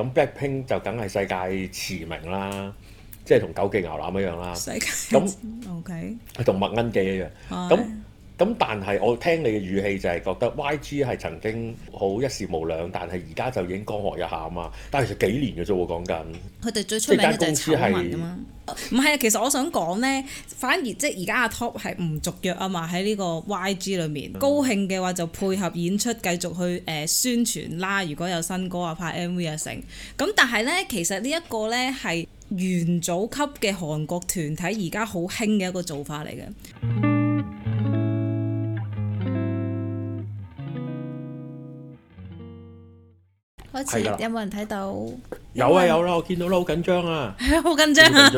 咁 Blackpink 就梗係世界馳名啦，即係同九記牛腩一樣啦。咁世界 OK，同麥恩記一樣。咁對咁但係我聽你嘅語氣就係覺得 YG 係曾經好一時無兩，但係而家就已經江河日下啊嘛！但係其實幾年嘅啫喎，講緊。佢哋最出名嘅就係醜聞啊嘛，唔係 啊！其實我想講呢，反而即係而家阿 Top 係唔續約啊嘛，喺呢個 YG 裏面，高興嘅話就配合演出繼續去誒、呃、宣傳啦、啊。如果有新歌啊、拍 MV 啊成，咁但係呢，其實呢一個呢係元祖級嘅韓國團體而家好興嘅一個做法嚟嘅。嗯係啦，有冇人睇到？有啊有啦，我見到啦，好緊張啊！係啊，好緊張啊！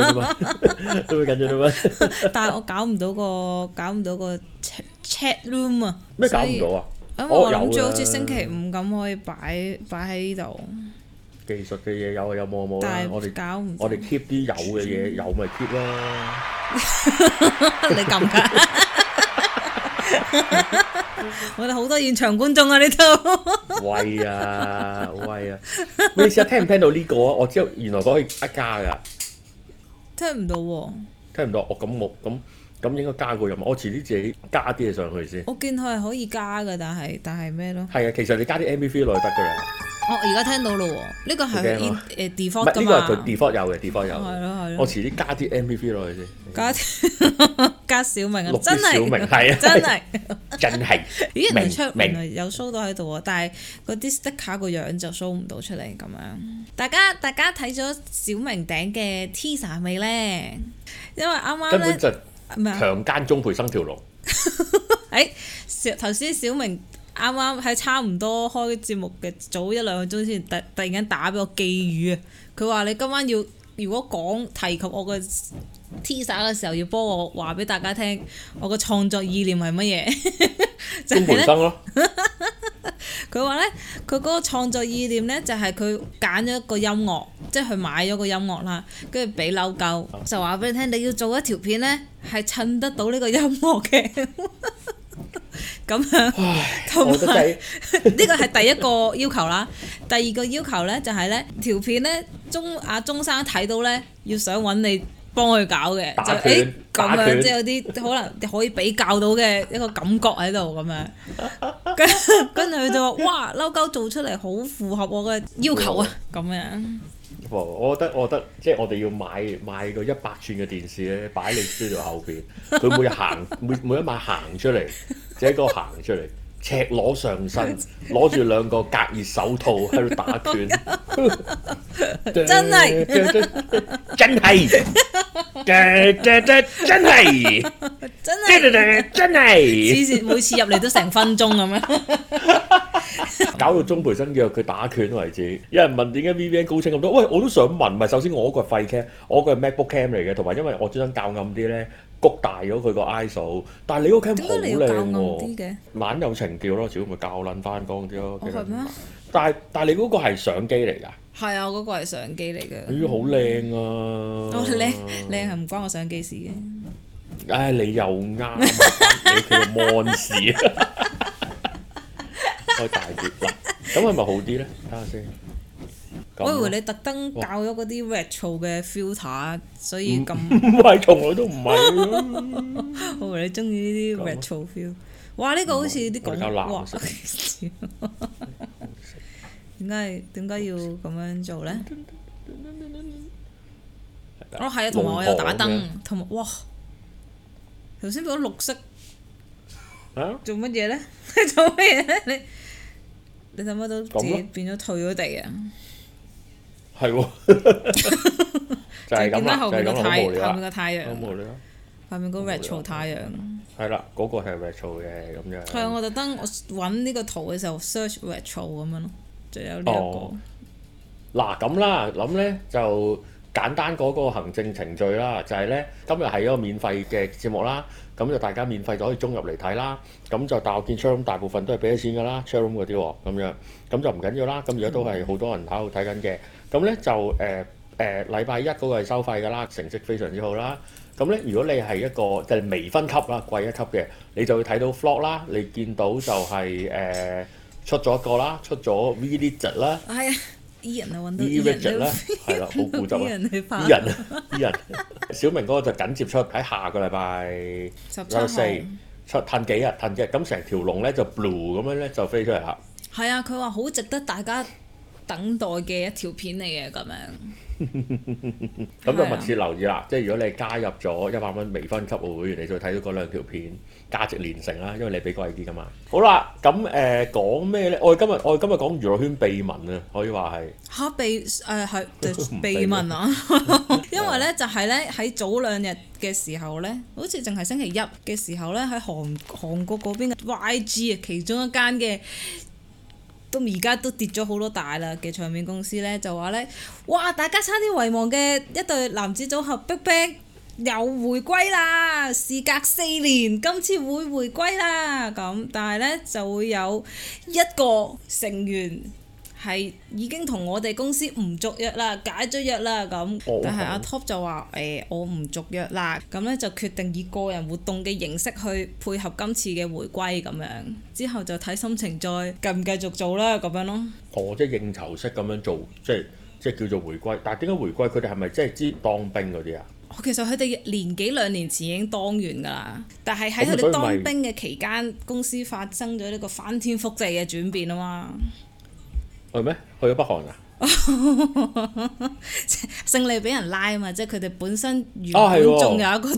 都會緊張啲乜？但係我搞唔到個，搞唔到個 chat chat room 啊！咩搞唔到啊？因為我諗住好似星期五咁可以擺擺喺呢度。技術嘅嘢，有有冇冇？但係我哋搞唔，我哋 keep 啲有嘅嘢有咪 keep 啦。你撳噶。 我哋好多現場觀眾啊！呢度 喂啊喂啊！你試下聽唔聽到呢個啊？我知道原來可以加噶，聽唔到，聽唔到，我咁我咁咁應該加個入，我遲啲自己加啲嘢上去先。我見佢係可以加噶，但係但係咩咯？係啊，其實你加啲 M V 落去得噶啦。我而家聽到咯，呢個係佢 default 㗎嘛？唔係呢個係佢 default 有嘅，default 有嘅。係咯係咯。我遲啲加啲 MVP 落去先。加加小明啊！真係小明係啊，真係真係。咦？原來出原來有 show 到喺度啊，但係嗰啲 stick 卡個樣就 show 唔到出嚟咁樣。大家大家睇咗小明頂嘅 T s a 未咧？因為啱啱咧，根本就強姦鍾培生條龍。誒，頭先小明。啱啱喺差唔多開節目嘅早一兩個鐘先，突突然間打俾我寄語啊！佢話你今晚要如果講提及我嘅 t s h i 嘅時候，要幫我話俾大家聽，我 呢、啊、 個創作意念係乜嘢？鍾培生咯。佢話咧，佢嗰個創作意念咧，就係佢揀咗一個音樂，即係佢買咗個音樂啦，跟住俾嬲鳩，就話俾你聽，你要做一條片咧，係襯得到呢個音樂嘅。 咁樣，同埋呢個係第一個要求啦。第二個要求呢，就係呢條片呢，中阿中生睇到呢，要想揾你。幫佢搞嘅，拳就誒咁、欸、拳樣，即係有啲可能可以比較到嘅一個感覺喺度咁樣，跟跟住佢就話，哇，溜狗，做出嚟好符合我嘅要求啊！咁、哦、樣，哦、我我覺得，我覺得，即係我哋要買買個一百寸嘅電視咧，擺你書枱後邊，佢每日行， 每每一晚行出嚟，只係個行出嚟。赤裸上身，攞住兩個隔熱手套喺度打拳， 真係的是， 真係的是，真真真真係，真真真係，黐線，每次入嚟都成分鐘咁樣， 搞到鍾培生叫佢打拳為止。有人問點解 VVN 高清咁多？喂，我都想問，唔係首先我個係廢 cam，我個係 MacBook cam 嚟嘅，同埋因為我專登較暗啲咧。焗大咗佢個 ISO，但係你嗰個 Cam 好靚喎，冷有情調咯，主要咪教撚翻光啲咯。其實係咩？但係但係你嗰個係相機嚟㗎？係啊，我嗰個係相機嚟㗎。咦，好靚啊！靚靚係唔關我相機事嘅。唉，你又啱啊！俾佢 mon 視啊，開大碟啦。咁係咪好啲咧？睇下先。啊、我以為你特登教咗嗰啲 retro 嘅 filter，哇所以咁唔係，從來都唔係，我以為你中意呢啲 retro feel。哇！呢、呢個好似啲講話，點解點解要咁樣做咧？色哦，係啊，同埋我有打燈，同埋哇，頭先變咗綠色、啊、做乜嘢咧？ 做乜嘢咧？你你使乜都自己變咗退咗地啊？係喎， 就係咁啦， 後面個太後面個太陽，後面個 retro 太陽，係啦，嗰個係 retro 嘅咁樣。係我特登我揾呢個圖嘅時候 search retro 咁樣咯，就有呢、這、一個。嗱咁啦，諗咧就簡單嗰個行政程序啦，就係、是、咧今日係一個免費嘅節目啦，咁就大家免費就可以中入嚟睇啦。咁就大係我見 channel 大部分都係俾咗錢㗎啦，channel 嗰啲咁樣，咁就唔緊要啦。咁而家都係好多人喺度睇緊嘅。 咁咧就誒誒禮拜一嗰個係收費㗎啦，成績非常之好啦。咁咧，如果你係一個即係未分級啦，貴一級嘅，你就會睇到 Vlog 啦，你見到就係誒出咗一個啦，出咗 v i l l a 啦。係啊，依人啊揾到啦，係啦，好固執啊！依人依人，小明嗰個就緊接出喺下個禮拜週四出褪幾日褪啫，咁成條龍咧就 blue 咁樣咧就飛出嚟啦。係啊，佢話好值得大家等待嘅一條片嚟嘅咁樣，咁 就密切留意啦。啊、即係如果你加入咗一百蚊微分級會會員，你就睇到嗰兩條片，價值連城啦，因為你俾貴啲噶嘛。好啦，咁誒、呃、講咩呢？我哋今日我哋今日講娛樂圈秘聞啊，可以話係嚇秘誒係、呃、秘聞啊， 因為呢就係、是、呢，喺早兩日嘅時候呢，好似淨係星期一嘅時候呢，喺韓韓國嗰邊嘅 YG 啊其中一間嘅。都而家都跌咗好多大啦嘅唱片公司呢，就話呢：「哇！大家差啲遺忘嘅一對男子組合 BIGBANG 又回歸啦，事隔四年，今次會回歸啦。咁但係呢，就會有一個成員。係已經同我哋公司唔續約啦，解咗約啦咁。但係阿 Top 就話：誒，我唔續約啦。咁咧就決定以個人活動嘅形式去配合今次嘅回歸咁樣。之後就睇心情再繼唔繼續做啦，咁樣咯。哦，即係應酬式咁樣做，即係即係叫做回歸。但係點解回歸佢哋係咪即係知當兵嗰啲啊？其實佢哋年幾兩年前已經當完㗎啦。但係喺佢哋當兵嘅期間，公司發生咗呢個翻天覆地嘅轉變啊嘛。係咩？去咗北韓啊！ 勝利俾人拉啊嘛，即係佢哋本身原本仲有一個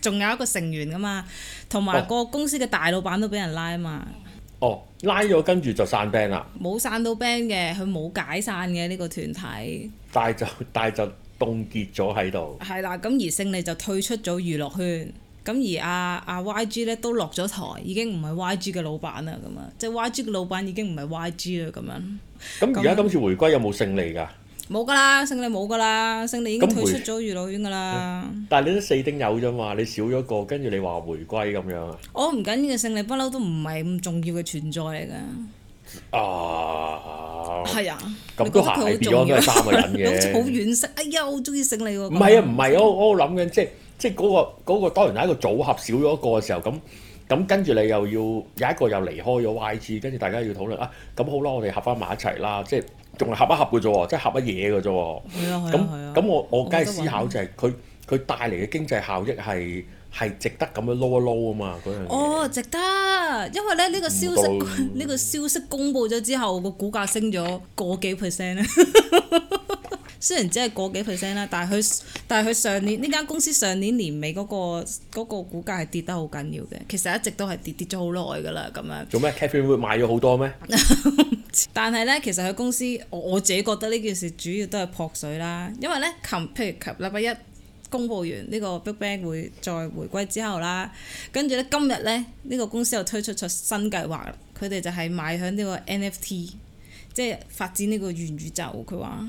仲、哦、有一個成員啊嘛，同埋個公司嘅大老闆都俾人拉啊嘛。哦，拉咗跟住就散兵 a 啦。冇散到兵嘅，佢冇解散嘅呢、這個團體。但係就但就凍結咗喺度。係啦，咁而勝利就退出咗娛樂圈，咁而阿、啊、阿、啊、YG 咧都落咗台，已經唔係 YG 嘅老闆啦。咁啊，即係 YG 嘅老闆已經唔係 YG 啦。咁樣。咁而家今次回歸有冇勝利噶？冇噶啦，勝利冇噶啦，勝利已經退出咗娛樂圈噶啦。但係你都四丁有啫嘛，你少咗個，跟住你話回歸咁樣啊？哦，唔緊要，勝利不嬲都唔係咁重要嘅存在嚟㗎。Uh, 啊，係啊那你，咁都行咗變咗都係三個人嘅。好似好惋惜，哎呀，好中意勝利喎、那個。唔係啊，唔係、啊、我我諗緊，即係即係嗰、那個嗰、那個、那個、當然係一個組合少咗一個嘅時候咁。咁跟住你又要有一個又離開咗 YG，跟住大家要討論啊。咁好啦，我哋合翻埋一齊啦，即係仲係合一合嘅啫，即係合一嘢嘅啫。係啊，係啊咁咁，我我梗係思考就係佢佢帶嚟嘅經濟效益係係值得咁樣撈一撈啊嘛，嗰樣嘢哦，值得，因為咧呢、呢個消息呢對 個消息公布咗之後，個股價升咗個幾 percent。 雖然只係個幾 percent 啦，但係佢但係佢上年呢間公司上年年尾嗰個嗰個股價係跌得好緊要嘅，其實一直都係跌跌咗好耐噶啦咁樣。做咩？Catherine Wood 買咗好多咩？ 但係咧，其實佢公司我自己覺得呢件事主要都係撲水啦，因為咧琴譬如琴禮拜一公佈完呢個 BigBang 會再回歸之後啦，跟住咧今日咧呢個公司又推出出新計劃，佢哋就係買響呢個 NFT，即係發展呢個元宇宙，佢話。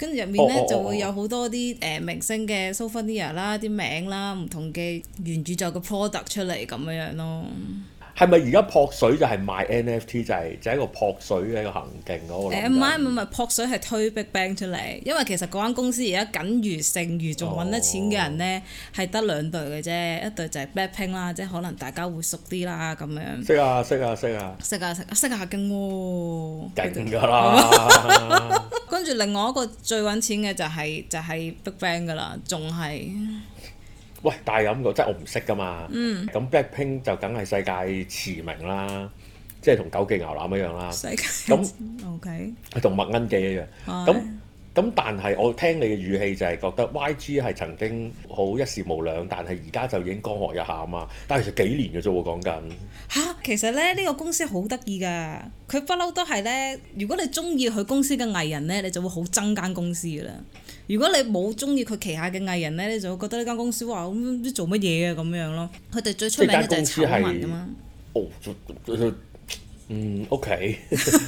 跟住入面咧就、oh, oh, oh, oh. 會有好多啲誒、呃、明星嘅 Souvenir 啦、啲名啦、唔同嘅原著作嘅 product 出嚟咁樣樣咯。係咪而家撲水就係賣 NFT 就係就係一個撲水嘅一個行徑嗰個？誒唔係唔係撲水係推 BigBang 出嚟，因為其實嗰間公司如如、哦、而家僅餘剩餘仲揾得錢嘅人咧係得兩隊嘅啫，一隊就係 BLACKPINK 啦，即係可能大家會熟啲啦咁樣。識啊識啊識啊！識啊識啊識下嘅喎，勁㗎啦。跟住、啊啊啊、另外一個最揾錢嘅就係、是、就係、是、BigBang 㗎啦，仲係。喂，但係咁個，即係我唔識㗎嘛。咁、嗯、Blackpink 就梗係世界馳名啦，即係同九記牛腩一樣啦。世界，咁，OK，同麥恩記一樣。咁，係。咁、嗯、但係我聽你嘅語氣就係覺得 YG 係曾經好一時無兩，但係而家就已經江河日下啊嘛！但係其實幾年嘅啫喎，講緊、啊、其實咧呢、呢個公司好得意噶，佢不嬲都係咧，如果你中意佢公司嘅藝人咧，你就會好憎間公司噶啦。如果你冇中意佢旗下嘅藝人咧，你就會覺得呢間公司哇咁知做乜嘢嘅咁樣咯。佢哋最出名就係醜聞啊嘛。嗯，屋企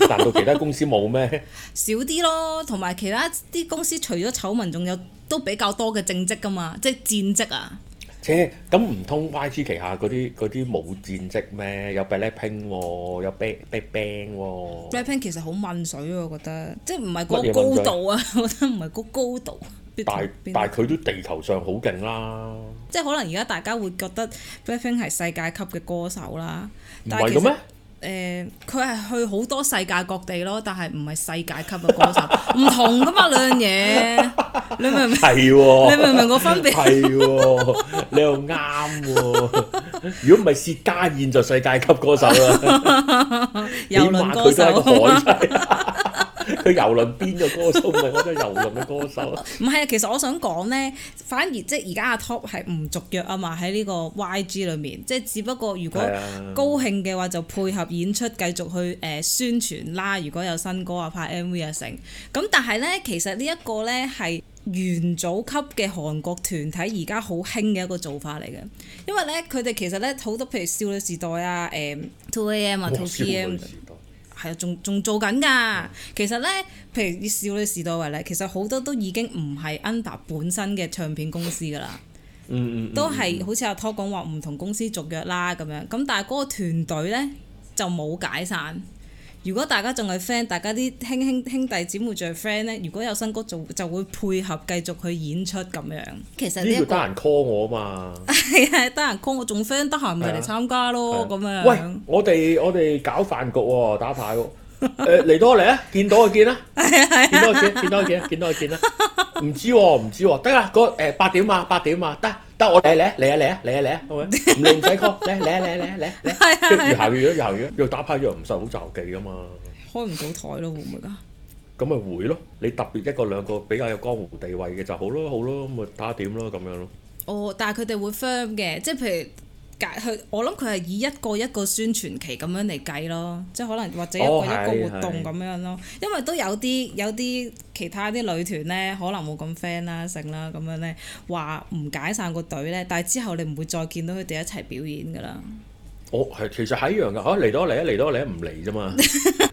難道其他公司冇咩？ 少啲咯，同埋其他啲公司除咗醜聞，仲有都比較多嘅政績㗎嘛，即係戰績啊。切，咁唔通 YG 旗下嗰啲嗰啲冇戰績咩？有 BLACKPINK、哦、有 big big bang、哦。BLACKPINK 其實好搵水喎，我覺得即係唔係個高度啊？ 我覺得唔係個高度。但哪但係佢都地頭上好勁啦。即係可能而家大家會覺得 BLACKPINK 係世界級嘅歌手啦。唔係嘅咩？誒，佢係、呃、去好多世界各地咯，但係唔係世界級嘅歌手，唔 同㗎嘛兩樣嘢，你明唔明？係喎， 你明唔明我分別？係喎，你又啱喎。如果唔係薛家燕就世界級歌手啦，有都海。 佢遊輪邊個歌手啊？我真係遊輪嘅歌手。唔係啊，其實我想講呢，反而即係而家阿 Top 係唔續約啊嘛，喺呢個 YG 裏面，即係只不過如果高興嘅話就配合演出繼續去誒宣傳啦。如果有新歌啊、拍 MV 啊成。咁但係呢，其實呢一個呢係元祖級嘅韓國團體而家好興嘅一個做法嚟嘅，因為呢，佢哋其實呢，好多譬如少女時代啊、誒 2AM 啊、2PM。係啊，仲仲做緊㗎。其實咧，譬如《少女時代》為例，其實好多都已經唔係 under 本身嘅唱片公司㗎啦。 嗯，嗯，嗯嗯。都係好似阿 Tom 講話唔同公司續約啦咁樣。咁但係嗰個團隊咧就冇解散。如果大家仲係 friend，大家啲兄兄兄弟姊妹仲係 friend 咧，如果有新歌做，就會配合繼續去演出咁樣。其實呢要得閒 call 我嘛。係 啊，得閒 call 我仲 friend，得閒咪嚟參加咯咁樣。喂，我哋我哋搞飯局喎、哦，打牌喎、哦。嚟、呃、多嚟啊，見到佢見啦。係 見到就見，見到就見，見到佢見啦。唔 知喎、哦，唔知喎、哦。得啦，嗰八點嘛，八點嘛，得、啊。我嚟嚟嚟啊嚟啊嚟啊，啊，啊好唔好？唔使 call 嚟嚟啊嚟啊嚟啊嚟！越行越咗，越行越咗，又打牌又唔受好詐計噶嘛？開唔到台咯，會唔會啊？咁咪會咯，你特別一個兩個比較有江湖地位嘅就好咯，好咯，咁咪打點咯咁、嗯、樣咯。樣咯哦，但係佢哋會 firm 嘅，即係譬如。佢我諗佢係以一個一個宣傳期咁樣嚟計咯，即係可能或者一個一個活動咁樣咯。哦、因為都有啲有啲其他啲女團咧，可能冇咁 friend 啦、性啦咁樣咧，話唔解散個隊咧，但係之後你唔會再見到佢哋一齊表演㗎啦。我係、哦、其實係一樣㗎，啊嚟到嚟啊嚟到嚟唔嚟啫嘛。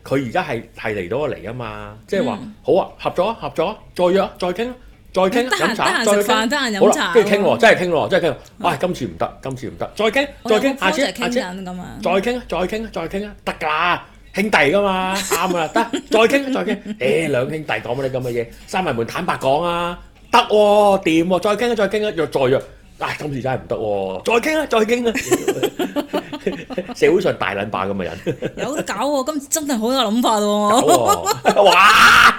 佢而家係係嚟到嚟啊嘛，即係話、嗯、好啊合作啊合作啊再約再啊再傾再傾飲茶，再飯，得閒飲茶。好啦，跟住傾喎，真係傾喎，真係傾喎。喂，今次唔得，今次唔得，再傾，再傾，下次，下次咁啊，再傾，再傾，再傾啊，得㗎，兄弟㗎嘛，啱啦，得，再傾，再傾，誒，兩兄弟講乜啲咁嘅嘢，閂埋門坦白講啊，得喎，掂喎，再傾啊，再傾啊，約再約。嗱，今次真係唔得喎！再傾啦，再傾啦！社會上大撚霸咁嘅人有得搞喎，今次真係好有諗法喎！哇！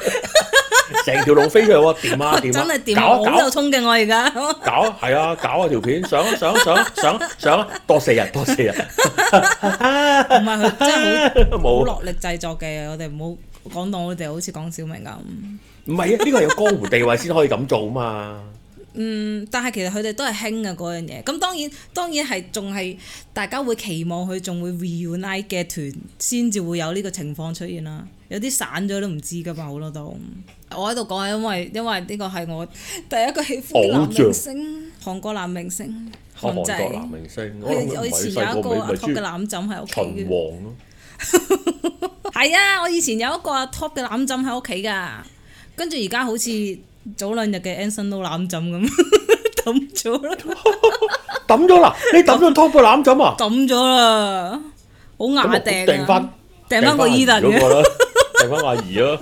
成條路飛出去喎，點啊點真係點啊！我又衝勁我而家搞係啊，搞啊條片上啊！上啊！上啊！上上多四日，多四日。唔係佢真係好落力製作嘅，我哋唔好講到我哋好似講小明咁。唔係啊，呢個係有江湖地位先可以咁做啊嘛。嗯，但係其實佢哋都係興啊嗰樣嘢，咁當然當然係仲係大家會期望佢仲會 reunite 嘅團，先至會有呢個情況出現啦。有啲散咗都唔知噶嘛，好多都。我喺度講因為因為呢個係我第一個喜歡嘅男明星，像韓國男明星，韓仔。韓國男明星，我以前有一個、阿、top 嘅攬枕喺屋企嘅。係啊， 啊，我以前有一個、阿、top 嘅攬枕喺屋企噶，跟住而家好似。早兩日嘅 Anson Lo 攬枕咁抌咗啦，抌咗啦！你抌咗 Top 嘅攬枕啊？抌咗啦，好硬定？訂返，訂返個 Edan 嘅，訂返阿姨咯。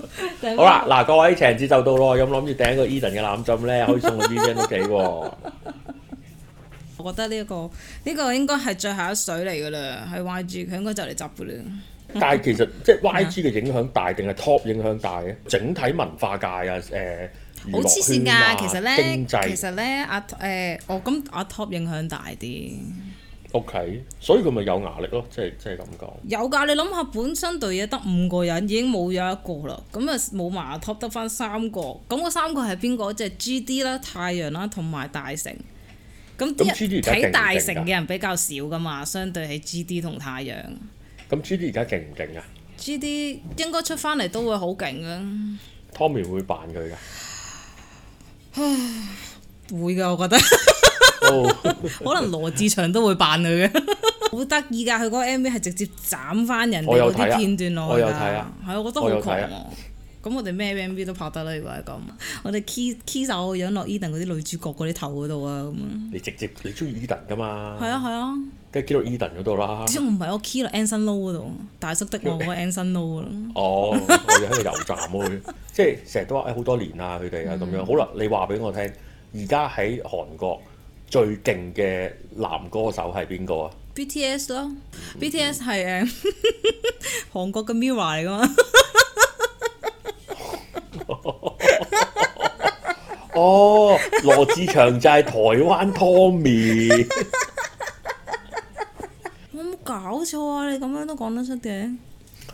好啦，嗱，各位，情人節就到咯，有冇諗住訂個 Edan 嘅攬枕咧？可以送到 Edan 屋企。 我覺得呢、這、一個呢、這個應該係最後一水嚟噶啦，係 Y G 佢應該就嚟執噶啦。但係其實即係 Y G 嘅影響大定係 Top 影響大嘅？整體文化界啊，誒、呃。好黐線噶，其實咧，其實咧阿誒，我咁阿 Top 影響大啲。O、okay, K，所以佢咪有壓力咯，即係即係咁講。就是、有噶，你諗下，本身隊嘢得五個人，已經冇有一個啦，咁啊冇埋阿 Top 得翻三個，咁嗰三個係邊個？即係 G D 啦、啊、太陽啦，同、啊、埋大成。咁、嗯、G D 而睇大成嘅人比較少噶嘛，相對係 G D 同太陽。咁、嗯嗯、G D 而家勁唔勁啊？G D 應該出翻嚟都會好勁噶。Tommy 會扮佢噶。唉，會噶，我覺得 ，oh、 可能羅志祥都會扮佢嘅，好得意噶，佢嗰個 M V 係直接斬翻人哋嗰啲片段落嚟噶，係我，我，我覺得好窮。咁我哋咩 MV 都拍得啦，如果係咁，我哋 key key 手影落 Eden 嗰啲女主角嗰啲頭嗰度啊，咁。你直接你中意 Eden 噶嘛？係啊，係啊，梗係 key 到 Eden 嗰度啦。只要唔係我 key 到 Anson Lo 嗰度，大叔的我 Anson Lo 啦。哦，我哋喺度油站啊，即係成日都話誒好多年啦，佢哋啊咁樣。好啦，你話俾我聽，而家喺韓國最勁嘅男歌手係邊個啊？BTS 咯，BTS 係誒韓國嘅 Mirror 嚟噶嘛？哦，羅志祥就係 台灣 Tommy，有冇 搞錯啊！你咁樣都講得出嘅？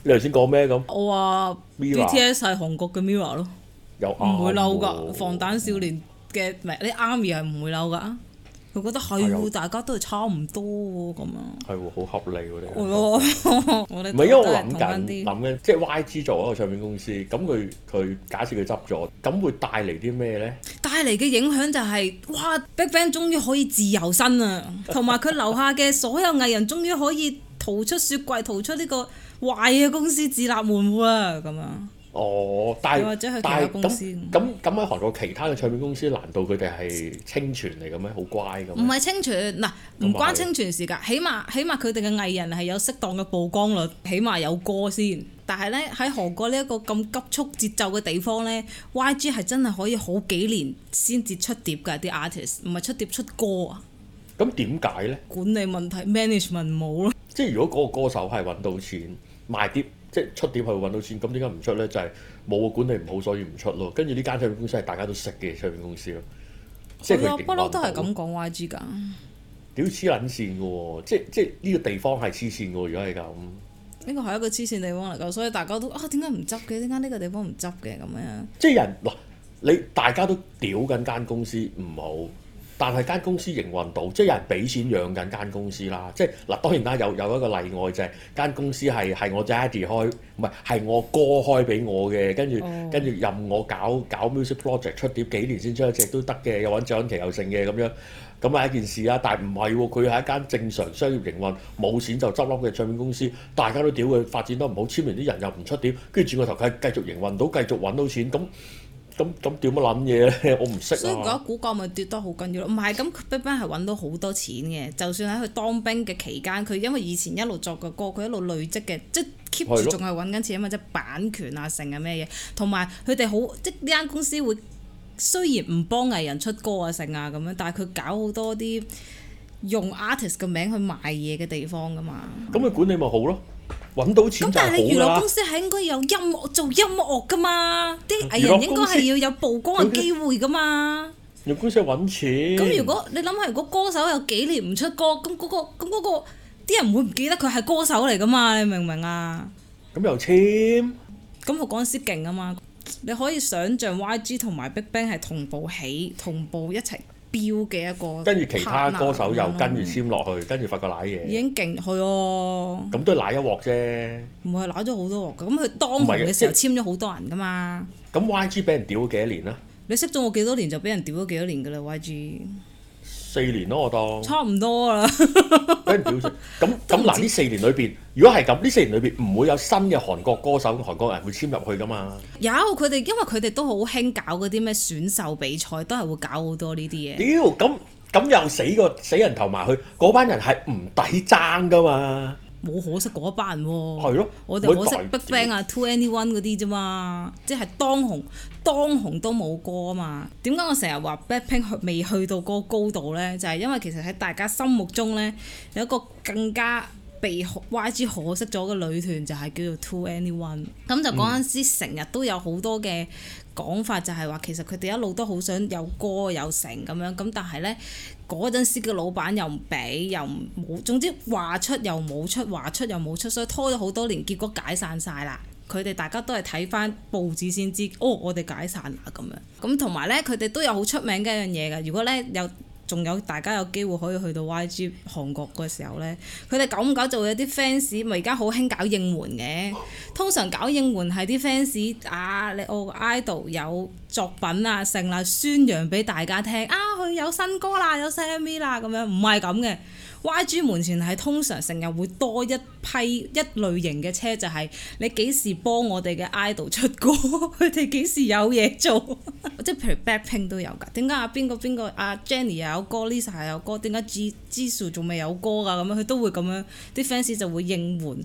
你頭先講咩咁？我話 BTS 係韓國嘅 Mirror 咯，唔會嬲噶，《防彈少年》嘅名，你 Army 係唔會嬲噶。佢覺得係喎，哎、呦大家都係差唔多喎，咁啊、哎呦，係喎樣，好合理喎，唔咪 因為我諗緊諗緊， 即係 YG 做一個唱片公司，咁佢佢假設佢執咗，咁會帶嚟啲咩呢？帶嚟嘅影響就係、是，哇， 哇！BigBang 終於可以自由身啊，同埋佢留下嘅所有藝人，終於可以逃出雪櫃，逃出呢個壞嘅公司，自立門戶啊，咁樣！哦，大或者去大公司咁咁咁喺韓國其他嘅唱片公司，難道佢哋係清泉嚟嘅咩？好乖嘅？唔係清泉嗱，唔、啊、那麼 關清泉事噶麼。起碼起碼佢哋嘅藝人係有適當嘅曝光率，起碼有歌先。但係咧喺韓國呢一個咁急促節奏嘅地方咧，YG 係真係可以好幾年先至出碟嘅啲 artist，唔係出碟出歌啊。咁點解咧？管理問題，management 冇咯。即係如果嗰個歌手係揾到錢賣碟。即係出點去揾到錢，咁點解唔出咧？就係、是、冇管理唔好，所以唔出咯。跟住呢間唱片公司係大家都識嘅唱片公司咯、哦，即係不不嬲都係咁講 Y G 噶。屌黐撚線㗎喎，即係即係呢個地方係黐線㗎喎，如果係咁，呢個係一個黐線地方嚟㗎，所以大家都啊點解唔執嘅？點解呢個地方唔執嘅咁樣？即係人嗱、呃，你大家都屌緊間公司唔好。但係間公司營運到，即係有人俾錢養緊間公司啦。即係嗱，當然啦，有有一個例外就係。間公司係係我 daddy 開，唔係，係我哥開俾我嘅。跟住跟住任我搞搞 music project 出碟，幾年先出一隻都得嘅，又揾獎期又剩嘅咁樣，咁係一件事啊。但係唔係喎，佢係一間正常商業營運，冇錢就執笠嘅唱片公司，大家都屌佢發展得唔好，簽完啲人又唔出碟，跟住轉個頭佢繼續營運到，繼續揾到錢咁。咁咁點樣諗嘢咧？我唔識啊嘛！所以嗰一股價咪跌得好緊要咯。唔係咁，佢 BigBang 係揾到好多錢嘅。就算喺佢當兵嘅期間，佢因為以前一路作嘅歌，佢一路累積嘅，即係 keep 住仲係揾緊錢啊嘛！即係對咯 版權啊，成啊咩嘢，同埋佢哋好即係呢間公司會雖然唔幫藝人出歌啊成啊咁樣，但係佢搞好多啲用 artist 嘅名去賣嘢嘅地方噶嘛。咁佢管理咪好咯？搵到錢就係好啦。咁但係你娛樂公司係應該有音樂做音樂噶嘛？啲藝人應該係要有曝光嘅機會噶嘛？娛樂公司搵錢。咁如果你諗下，如果歌手有幾年唔出歌，咁嗰個，咁嗰個啲人唔會唔記得佢係歌手嚟，噶嘛？你明唔明啊？咁又簽？咁佢嗰陣時勁啊嘛！你可以想象 YG 同埋 BigBang 係同步起，同步一齊。嘅一個，跟住其他歌手又跟住簽落去，嗯、跟住發個奶嘢，已經勁去哦。咁都係奶一鑊啫，唔係奶咗好多鑊噶。咁佢當紅嘅時候簽咗好多人噶嘛。咁 YG 俾人屌咗幾多年啦？你識咗我幾多年就俾人屌咗幾多年噶啦 YG。四年咯，我當差唔多啦。咁咁嗱，呢四年裏邊，如果係咁，呢四年裏邊唔會有新嘅韓國歌手、韓國人會簽入去噶嘛？有佢哋，因為佢哋都好興搞嗰啲咩選秀比賽，都係會搞好多呢啲嘢。屌 咁咁又死個死人頭埋去，嗰班人係唔抵爭噶嘛？冇可惜嗰班人喎，的我哋可惜 BIGBANG 麼啊，2NE1 嗰啲啫嘛，即係當紅當紅都冇歌啊嘛。點解我成日話 Blackpink 未去到個高度呢？就係、是、因為其實喺大家心目中呢，有一個更加被 YG 可惜咗嘅女團就係、是、叫做 2NE1。咁就嗰陣時成日都有好多嘅講法，就係話其實佢哋一路都好想有歌有成咁樣，咁但係呢。嗰陣時嘅老闆又唔俾，又唔冇，總之話出又冇出，話出又冇出，所以拖咗好多年，結果解散晒啦。佢哋大家都係睇翻報紙先知，哦，我哋解散啦咁樣。咁同埋呢，佢哋都有好出名嘅一樣嘢嘅，如果呢，有。仲有大家有機會可以去到 YG 韓國嘅時候呢，佢哋久唔久就會有啲 fans 咪而家好興搞應援嘅。通常搞應援係啲 fans 啊，你我、oh, idol 有作品啊成啦，宣揚俾大家聽啊，佢有新歌啦，有 c MV 啦咁樣，唔係咁嘅。YG 門前係通常成日會多一批一類型嘅車，就係、是、你幾時幫我哋嘅 idol 出歌，佢哋幾時有嘢做， 即係譬如 BLACKPINK 都有㗎。點解啊？邊個邊個阿 Jennie 又有歌，Lisa 又有歌，點解 Jisoo 仲未有歌㗎？咁樣佢都會咁樣，啲 fans 就會應援。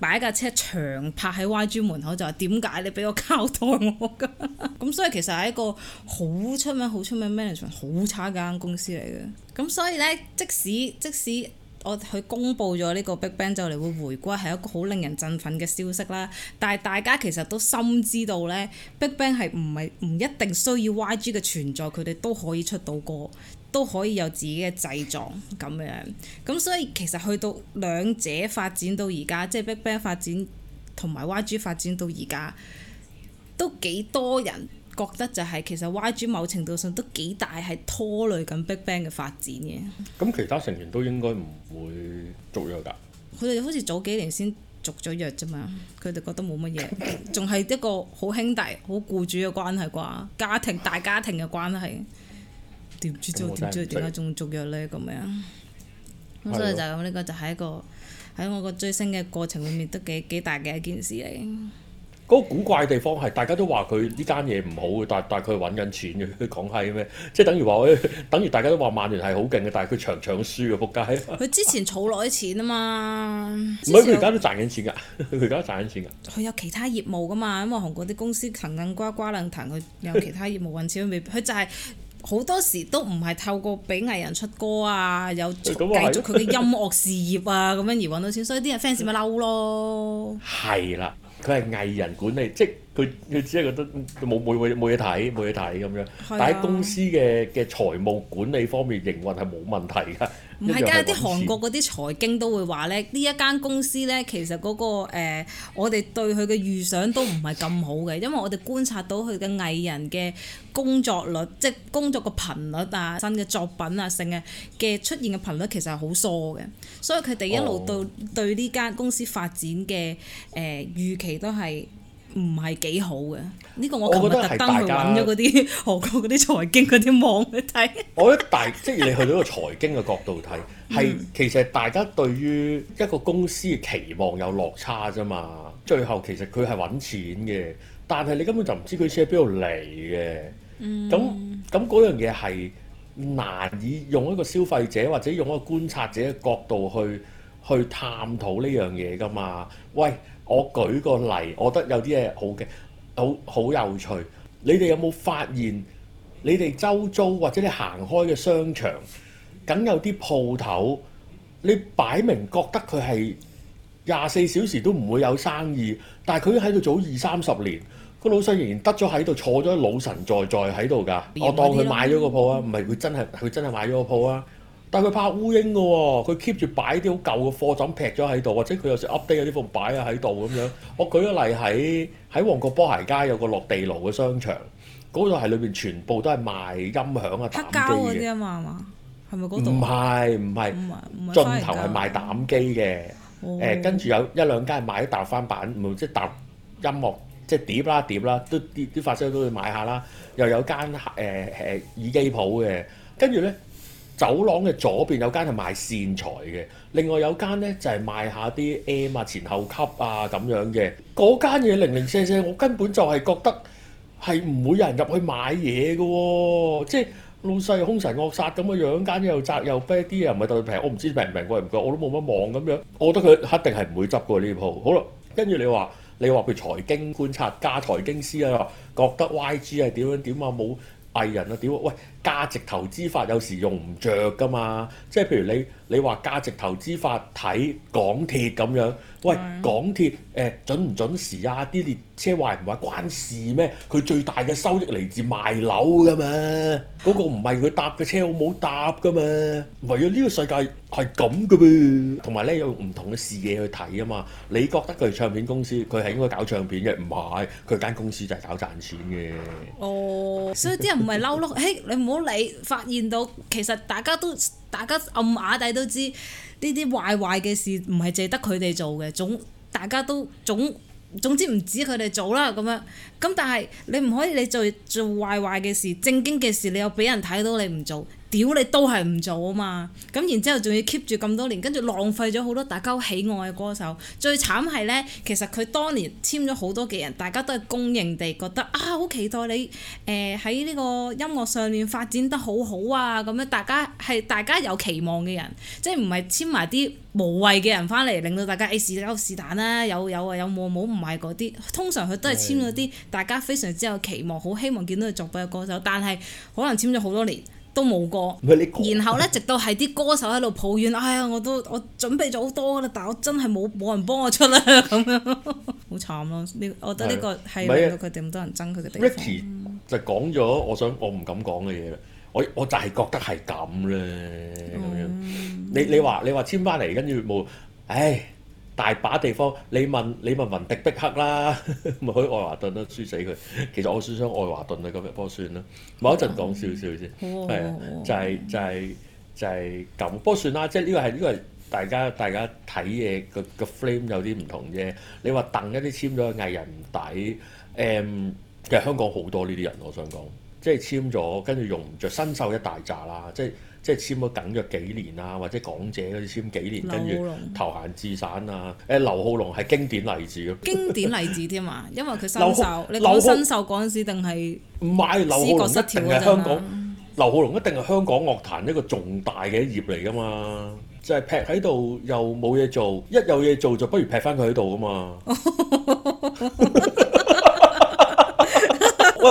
擺一架車長拍喺 YG 門口就話點解你俾我交代我㗎？咁、 嗯、所以其實係一個好出名、好出名 management 好差嘅間公司嚟嘅。咁、嗯、所以呢，即使即使我佢公布咗呢個 BigBang 就嚟會回歸，係一個好令人振奮嘅消息啦。但係大家其實都深知道呢 BigBang 係唔係唔一定需要 YG 嘅存在，佢哋都可以出到歌。都可以有自己嘅製造咁樣，咁所以其實去到兩者發展到而家，即係 BigBang 發展同埋 YG 發展到而家，都幾多人覺得就係、是、其實 YG 某程度上都幾大係拖累緊 BigBang 嘅發展嘅。咁其他成員都應該唔會續約㗎。佢哋好似早幾年先續咗約啫嘛，佢哋覺得冇乜嘢，仲係 一個好兄弟、好僱主嘅關係啩，家庭大家庭嘅關係。點知點知點解仲續約咧咁樣？咁所以就咁、是，呢的個就係一個喺我個追星嘅過程裏面都幾幾大嘅一件事嚟。嗰個古怪地方係大家都話佢呢間嘢唔好，但但佢揾緊錢嘅，佢講閪咩？即係等於話，等於大家都話曼聯係好勁嘅，但係佢場場輸嘅，仆街。佢之前儲落啲錢啊嘛。唔係佢而家都賺緊錢㗎，佢而家賺緊錢㗎。佢 有其他業務㗎嘛？因為韓國啲公司藤掕瓜瓜掕藤，佢有其他業務揾錢未，未佢就係、是。好多時都唔係透過俾藝人出歌啊，又繼續佢嘅音樂事業啊，咁 樣而揾到錢，所以啲人 fans 咪嬲咯。係啦，佢係藝人管理即。佢佢只係覺得冇冇嘢睇冇嘢睇咁樣，但係公司嘅嘅財務管理方面營運係冇問題嘅。唔係啊！啲韓國嗰啲財經都會話咧，呢一間公司咧，其實嗰、嗰個、呃、我哋對佢嘅預想都唔係咁好嘅，因為我哋觀察到佢嘅藝人嘅工作率，即係工作嘅頻率啊，新嘅作品啊，成啊嘅出現嘅頻率其實係好疏嘅，所以佢哋一路對、哦、對呢間公司發展嘅誒、呃、預期都係唔係幾好嘅，呢、呢個我今日特登去揾咗嗰啲韓國嗰啲財經嗰啲網去睇。我覺得大，即係 你去到一個財經嘅角度睇，係 其實大家對於一個公司嘅期望有落差啫嘛。最後其實佢係揾錢嘅，但係你根本就唔知佢錢喺邊度嚟嘅。嗯 樣，咁咁嗰樣嘢係難以用一個消費者或者用一個觀察者嘅角度去去探討呢樣嘢噶嘛？喂！我舉個例，我覺得有啲嘢好嘅，好好有趣。你哋有冇發現？你哋周遭或者你行開嘅商場，梗有啲鋪頭，你擺明覺得佢係廿四小時都唔會有生意，但係佢喺度做二三十年，個老細仍然得咗喺度，坐咗老神在在喺度㗎。我當佢買咗個鋪啊，唔係佢真係佢真係買咗個鋪啊。但佢怕烏蠅嘅喎，佢 keep 住擺啲好舊嘅貨枕劈咗喺度，或者佢有時 update 嗰啲貨擺啊喺度咁樣。我舉一例，喺喺旺角波鞋街有個落地樓嘅商場，嗰度係裏邊全部都係賣音響啊、膽機嘅。黑嘛，係咪？唔係唔係，盡頭係賣膽機嘅。誒、哦，跟住、欸、有一兩間係一啲打翻版，冇即係搭音樂，即係碟啦碟啦，碟啦，都啲啲發燒都會買下啦。又有間誒誒耳機鋪嘅，跟住咧。走廊嘅左邊有間係賣線材嘅，另外有間咧就係、是、賣一下啲 M 啊、前後級啊咁樣嘅。嗰間嘢零零舍舍，我根本就係覺得係唔會有人入去買嘢嘅、哦。即係老細兇神惡煞咁嘅樣，間又窄又迫啲又唔係特別平，我唔知平唔平貴唔貴，我都冇乜望咁樣。我覺得佢肯定係唔會執嘅呢鋪。好啦，跟住你話你話佢財經觀察加財經師啊，覺得 YG 係點樣點啊？冇藝人啊？點？喂！價值投資法有時用唔着噶嘛，即係譬如你你話價值投資法睇港鐵咁樣，喂、嗯、港鐵誒，準唔準時啊？啲列車壞唔壞關事咩？佢最大嘅收益嚟自賣樓噶嘛，嗰、嗯、個唔係佢搭嘅車，好唔好搭噶嘛。唯有呢個世界係咁嘅噃，呢同埋咧有唔同嘅視野去睇啊嘛。你覺得佢係唱片公司佢係應該搞唱片嘅，唔係佢間公司就係搞賺錢嘅。哦，所以啲人唔係嬲咯，誒你唔好。你發現到其實大家都大家暗啞底都知呢啲壞壞嘅事唔係淨係得佢哋做嘅，總大家都總總之唔止佢哋做啦咁樣，咁但係你唔可以你做做壞壞嘅事，正經嘅事你又俾人睇到你唔做。屌你都係唔做啊嘛！咁然之後仲要 keep 住咁多年，跟住浪費咗好多大家好喜愛嘅歌手。最慘係呢，其實佢當年簽咗好多嘅人，大家都係公認地覺得啊，好期待你誒喺呢個音樂上面發展得好好啊！咁樣大家係大家有期望嘅人，即係唔係簽埋啲無謂嘅人翻嚟，令到大家誒是狗是但啦，有有啊有冇冇唔係嗰啲。通常佢都係簽咗啲大家非常之有期望，好對 希望見到佢作曲嘅歌手，但係可能簽咗好多年。都冇過，然後呢，直到係啲歌手喺度抱怨，哎呀，我都我準備咗好多噶啦，但我真係冇冇人幫我出啦，咁樣好 慘咯、啊。呢， 我覺得呢個係令到佢哋咁多人憎佢嘅地方。Ricky 就講咗，我想我唔敢講嘅嘢啦。我我就係覺得係咁咧，咁樣、嗯、你你話你話簽翻嚟，跟住冇，唉。大把地方，你問你問雲迪碧克啦，咪可以愛華頓都輸死佢。其實我輸咗愛華頓啊，咁像不過算啦。某一陣講少少先，先係就係就係就係咁。不過算啦，即係呢個係呢個係大家大家睇嘢個個 frame 有啲唔同啫。你話掟一啲簽咗嘅藝人唔抵，誒、嗯、其實香港好多呢啲人，我想講，即係簽咗跟住用唔着新秀一大扎啦，即係。即係簽咗緊咗幾年啊，或者港姐啲簽幾年，跟住投閒置散啊！誒，劉浩龍係經典例子，啊。經典例子添嘛， 因為佢新秀浩你講新秀嗰陣時，定係唔係劉浩龍一定係香港？劉浩龍一定係香、啊、香港樂壇一個重大嘅一頁嚟㗎嘛，就係、是、劈喺度又冇嘢做，一有嘢做就不如劈翻佢喺度㗎嘛。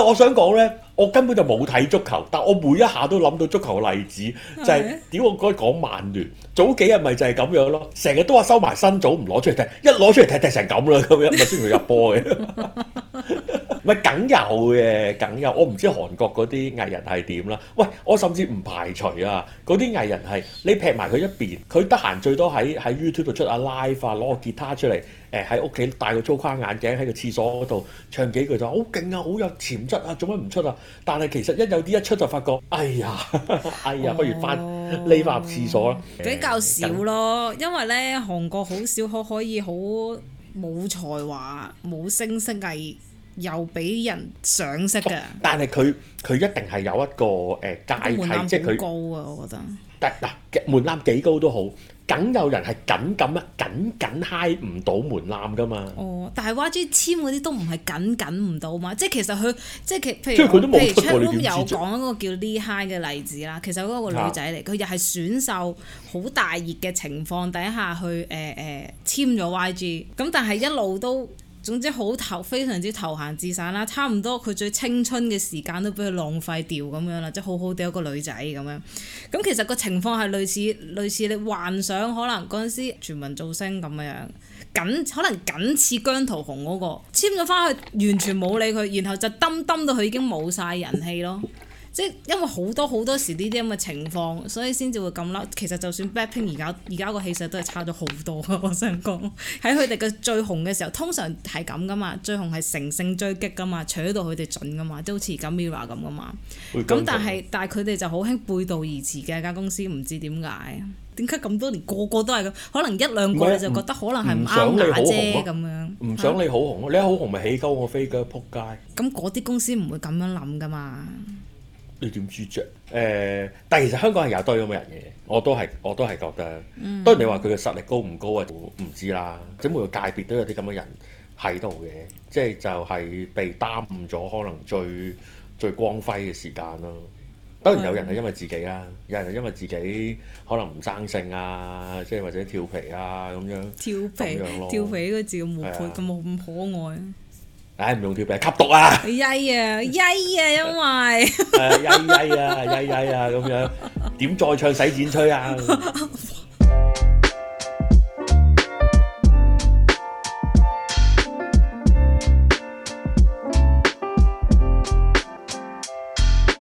我想講咧，我根本就冇睇足球，但我每一下都諗到足球嘅例子，就係、是、屌的我該講曼聯，早幾日咪就係咁樣咯，成日都話收埋新組唔攞出嚟踢，一攞出嚟踢踢成咁啦，咁樣咪先要入波嘅。 梗有嘅，梗有。我唔知韓國嗰啲藝人係點啦。喂，我甚至唔排除啊，嗰啲藝人係你劈埋佢一邊，佢得閒最多喺喺 YouTube 度出下、啊、live 啊，攞個吉他出嚟，誒喺屋企戴個粗框眼鏡喺個廁所嗰度唱幾句就好勁啊，好有潛質啊，做乜唔出啊？但係其實一有啲一出就發覺，哎呀，哎呀，不如翻匿埋廁所啦。比較少咯，因為咧韓國好少可可以好冇才華、冇聲色藝。又俾人賞識嘅，但係佢佢一定係有一個誒階梯，即係佢門檻好高啊！我覺得，但嗱，門檻幾高都好，梗有人係緊緊啊緊緊 high 唔到門檻噶嘛。哦，但係 YG 簽嗰啲都唔係緊緊唔到嘛，即係其實佢即係譬如都譬如出 con 有講嗰個叫呢 high 嘅例子啦，其實嗰個女仔嚟，佢又係選秀好大熱嘅情況底下去誒誒、呃呃、簽咗 YG，咁但係一路都。 總之好頭非常之投閒置散啦，差唔多佢最青春嘅時間都俾佢浪費掉咁樣啦，即係好好地一個女仔咁樣。咁其實個情況係類似類似你幻想可能嗰陣時全民造星咁樣，緊可能緊似姜濤紅嗰個簽咗返去完全冇理佢，然後就冧冧到佢已經冇晒人氣咯。即因為好多好多時呢啲咁嘅情況，所以先至會咁嘞。其實就算 Blackpink 而家而家個氣勢都係差咗好多。我想講喺佢哋嘅最紅嘅時候，通常係咁噶嘛，最紅係乘勝追擊噶嘛，取到佢哋準噶嘛，都好似而家 Mirror 咁噶嘛。咁但係但係佢哋就好興背道而馳嘅間公司，唔知點解？點解咁多年個個都係？可能一兩個你就覺得可能係唔啱啫咁樣。唔想你好紅、啊，你好紅咪起高我飛鳩，撲街。咁嗰啲公司唔會咁樣諗噶嘛。你點知著？誒、呃，但係其實香港係有堆咁嘅人嘅，我都係我都係覺得。當然、嗯、你話佢嘅實力高唔高啊？唔知啦。即係每個界別都有啲咁嘅人喺度嘅，即係就係被耽誤咗可能最最光輝嘅時間咯。當然有人係因為自己啦，嗯、有人係因為自己可能唔生性啊，即係或者調皮啊咁樣。調皮，調皮個字咁冇咁咁可愛。唉唔用條皮吸毒啊！曳啊曳啊，因為曳曳啊曳曳啊咁樣，點再唱洗剪吹啊？